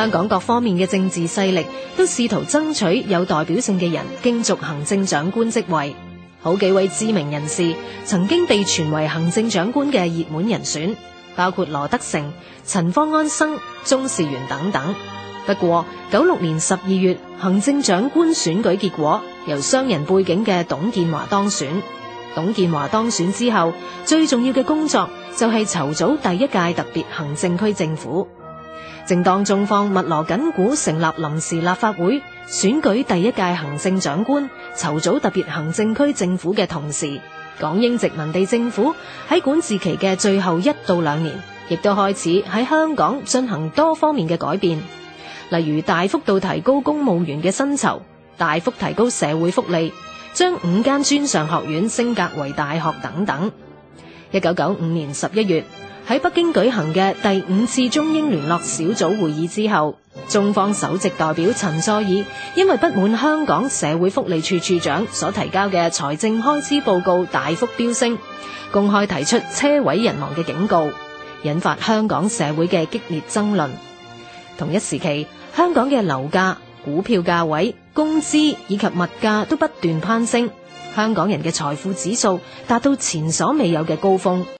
香港各方面嘅政治勢力都試圖爭取有代表性嘅人競逐行政長官職位，好幾位知名人士曾經被傳為行政長官嘅熱門人選，包括羅德成、陳方安生、鍾士元等等。不過，九六年十二月行政長官選舉結果由商人背景嘅董建華當選。董建華當選之後，最重要嘅工作就係籌組第一屆特別行政區政府。正當中方密鑼緊鼓成立臨時立法會、選舉第一屆行政長官、籌組特別行政區政府嘅同時，港英殖民地政府喺管治期嘅最後一到兩年，亦都開始喺香港進行多方面嘅改變，例如大幅度提高公務員嘅薪酬、大幅提高社會福利、將五間專上學院升格為大學等等。一九九五年十一月，喺北京舉行嘅第五次中英聯絡小組會議之後，中方首席代表陳佐洱因為不滿香港社會福利署署長所提交嘅財政開支報告大幅飆升，公開提出車毀人亡嘅警告，引發香港社會嘅激烈爭論。同一時期，香港嘅樓價、股票價位、工資以及物價都不斷攀升，香港人嘅財富指數達到前所未有嘅高峰。